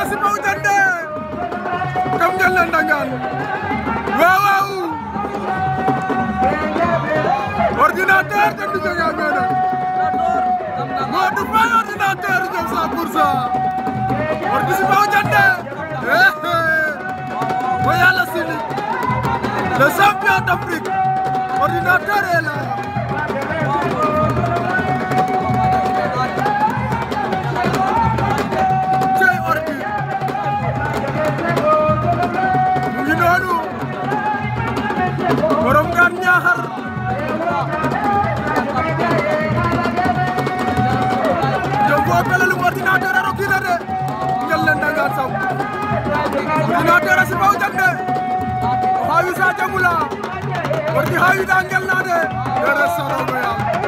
na si Mbawu Jante kam ngeen leen dangaan waaw waaw ordinateur te du jóge amee na moo du fay ordinateur jël cent pour cent ordi si Mbawu Jante ba yàlla si li le champion d'Afrique ordinateur est là ordinateur a sibawu jag de o xaawi sa jagula warti xaawi da ngel na de dere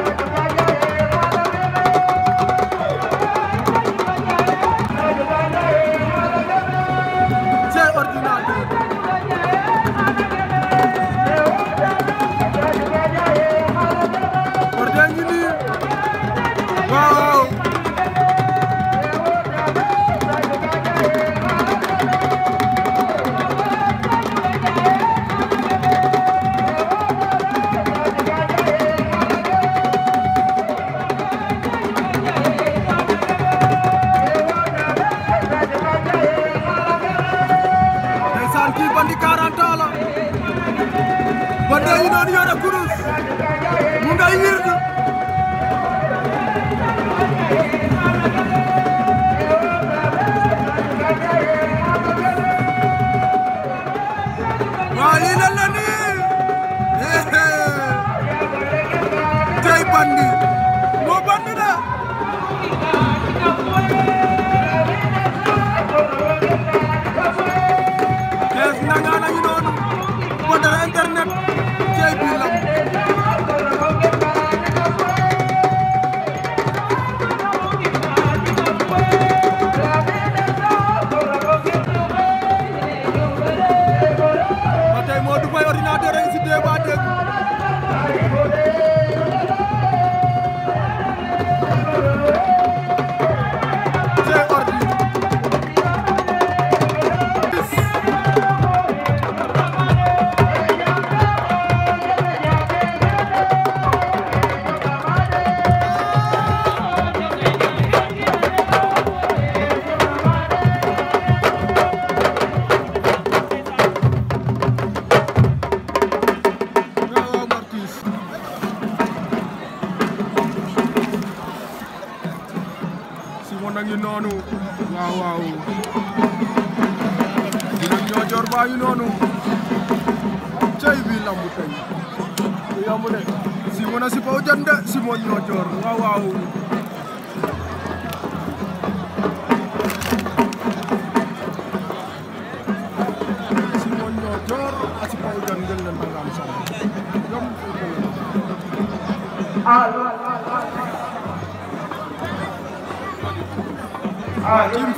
Team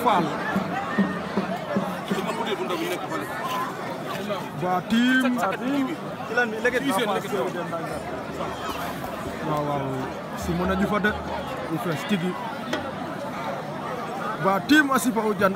Fall waa team waaw waaw si mën a jufa de bu fees tigi waa team Asifa Oudiane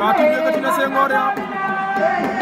Matoum yëkkati na Senghor ya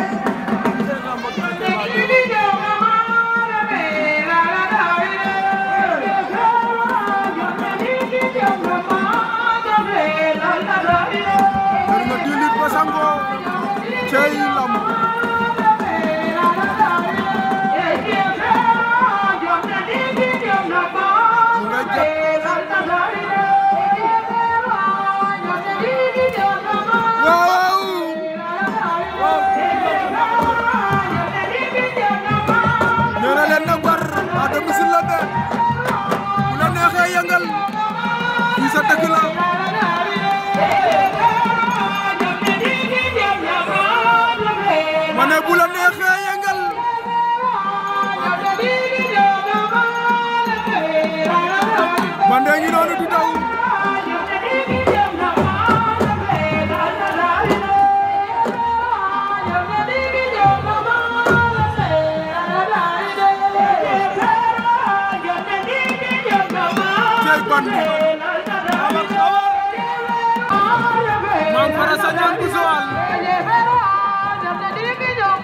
اے لال بھائی رے مارے میں تھوڑا سجن تسوال اے ہے واں ندر دی کی جو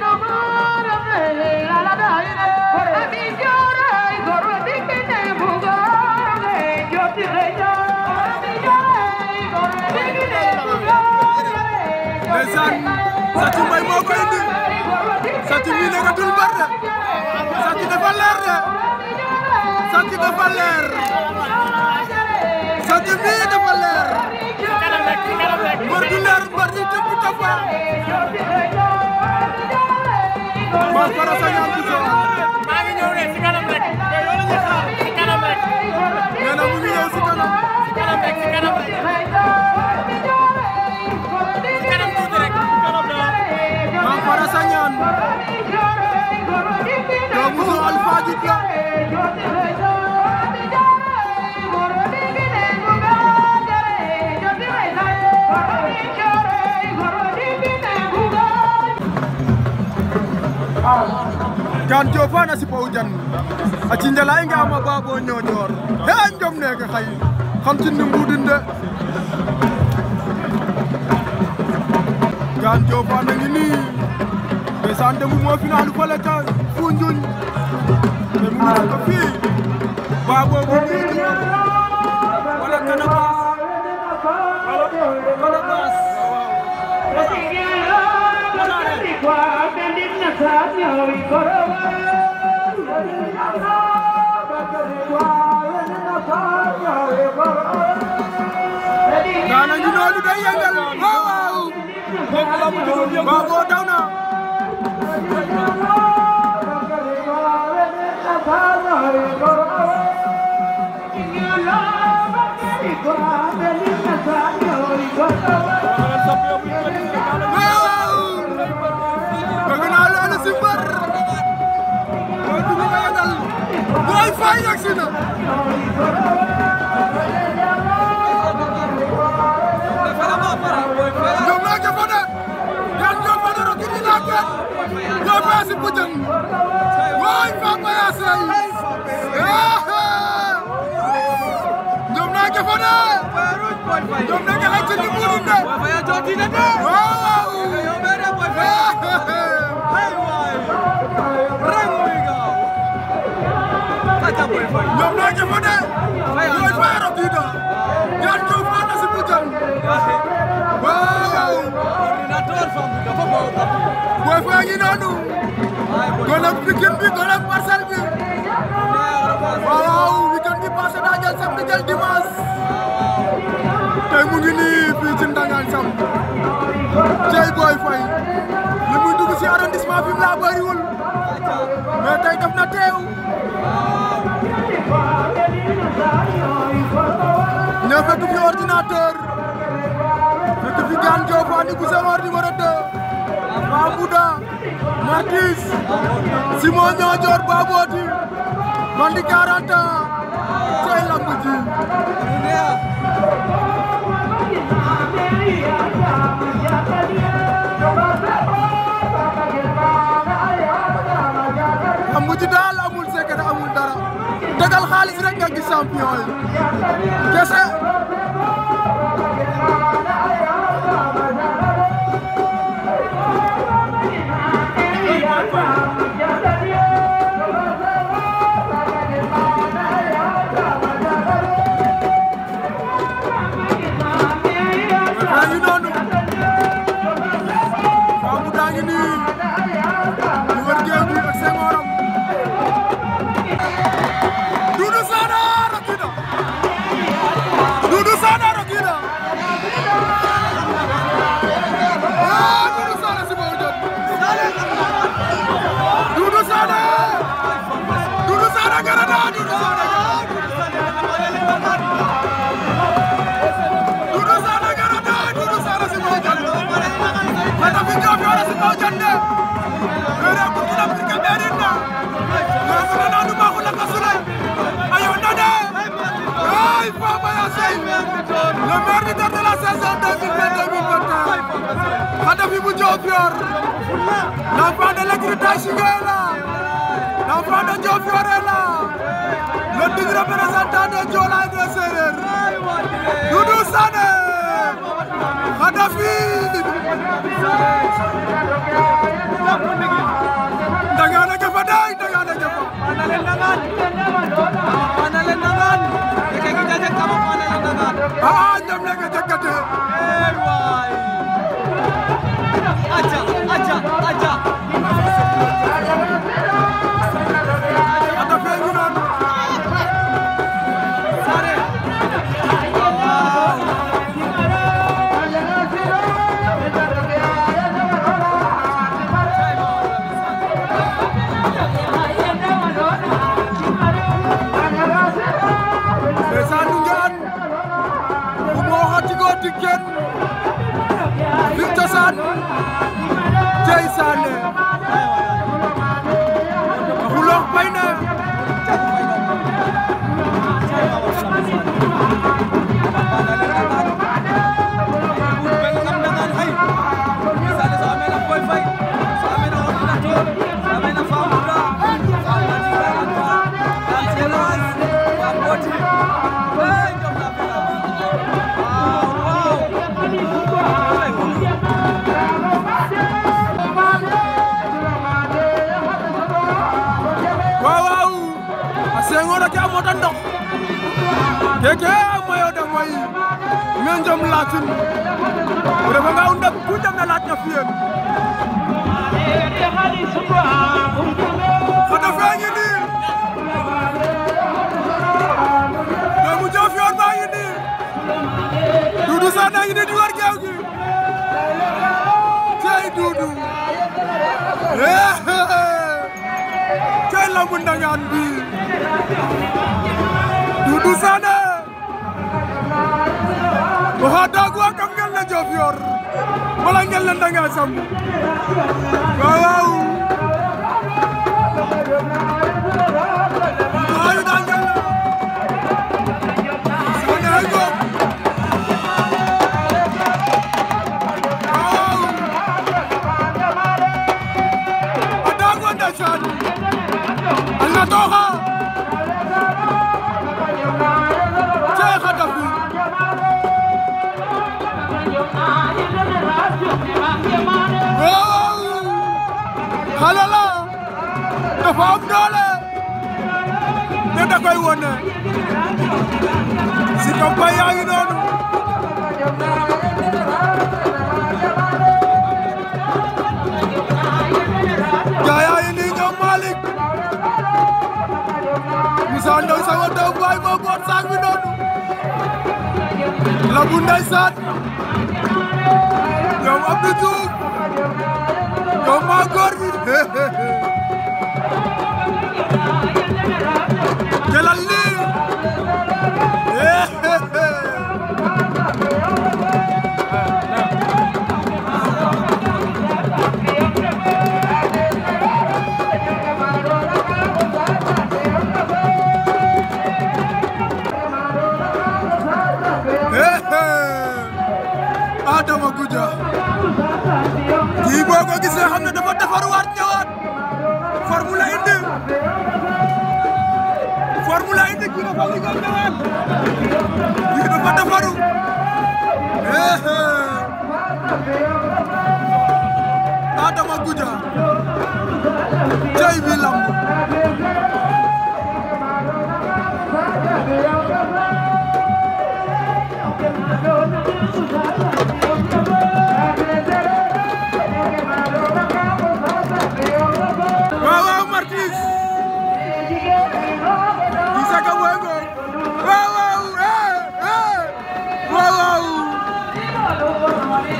sant bi dafa leer sant bi dafa leer mbër du leer mbër du tëb bi dafa Mass Fara Sagnane Bousso maa ngi ñëw rek ci kanam rek ci kanam rek nee na mu ngi ñëw ci kanam ci kanam rek ci kanam rek ci kanam tuuti rek Mass Fara Sagnane doomu Bousso Alpha Diouf la gan jofana si paw a ci njalay nga ma babo ñoñor he njom ne ka xay xam de gan jofana ngi ni de san de mo finalu funjuñ waaw boobu wala Canabasse wala Basse daana ñu noonu day yëngal waaw waaw boobu la mu doon yëngal boo daw na Yo, Messi, put them. Oy Mbamba yaa sey ñoom naa jëfoo de ñoom na nga xaj ci li mu dund de waaw ñoom naa jëfoo de ñooy faaro bii da ñaan ñëw faa na si butal waaw ordinateur fam dafa boo booy faa ngi noonu kon ak Pikine bi kon bi waaw weekend bi passé daa jël samedi jël dimanche tey mu ngi nii fii ci Sam cey Boy Faye li muy dugg si arrondissement bi mu laa bëriwul na teew ñoo fekk fi ordinateur fekk fi gaan Diofane Gousseur numéro 2 Babouda Martis Simon Niodior Babodi man di 40 ans cey lamb ji daal amul secret amul dara tegal xaalis rek nga gis kese le meilleur buteur de la saison 2022-2023 Khadafi bu Diofior l'enfant de l'écurie Taïchiga est là l'enfant de Diofior est là le digne représentant de Joola et de Sérère Doudou Sané Khadafi Dagana Jafa day Dagana Jafa ah ñoom ñoo ngi jëkkate. aja aja aja. keke mayo da moy men jom latin o refa nga o ndam ku ndam na laaj na fiyen fata feñi ni doomu jofiyoon baa ngi ni dudu sa na ngi ni di war geew gi cey dudu cey lambu ndangaan bi dudu sana waxa daagu wa kam ngel na Diofior wala ngel na Ndanga Sam waaw dafa am doole koy wone si campagne yaa ngi noonu gaayaa nii ñoom Malick Moussa Ndoye sama taw baay moo bi noonu la bu ndeysaan ñoom Abdou Diouf ñoom maa góor bi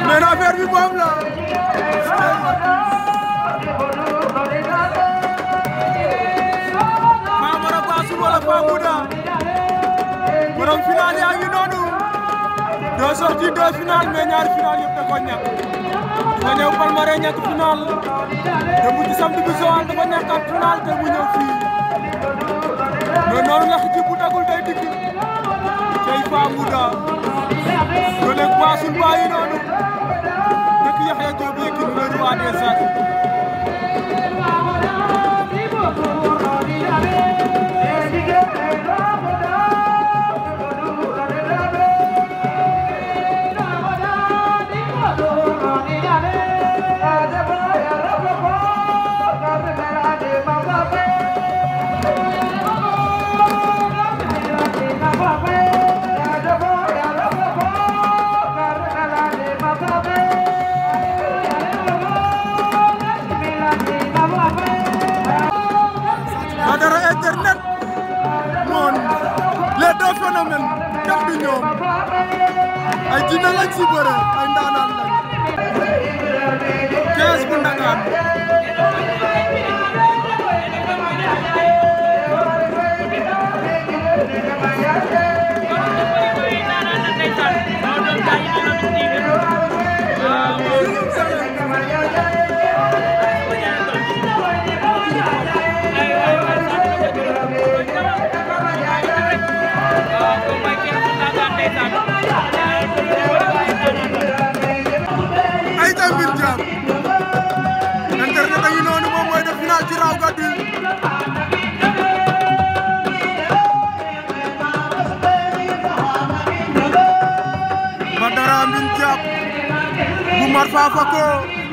nee na affaire bi moom la Mamara Bassou wala Babouda borom final yaa ngi noonu deux sorties deux finales mais ñaari finales yëpp da ko ñàkk nga ñëw Palmarin ñàkk final te bu ci samedi bi te mu ñëw fii noonu la ci bu dagul day dikk cay Babouda Mansour Ba yi noonu dëkk Yaxya Joob Yékini le roi des ஆட்சி போற ரெண்டா நாள்ல கேஸ் பண்ணாங்க Yeah. motherfucker.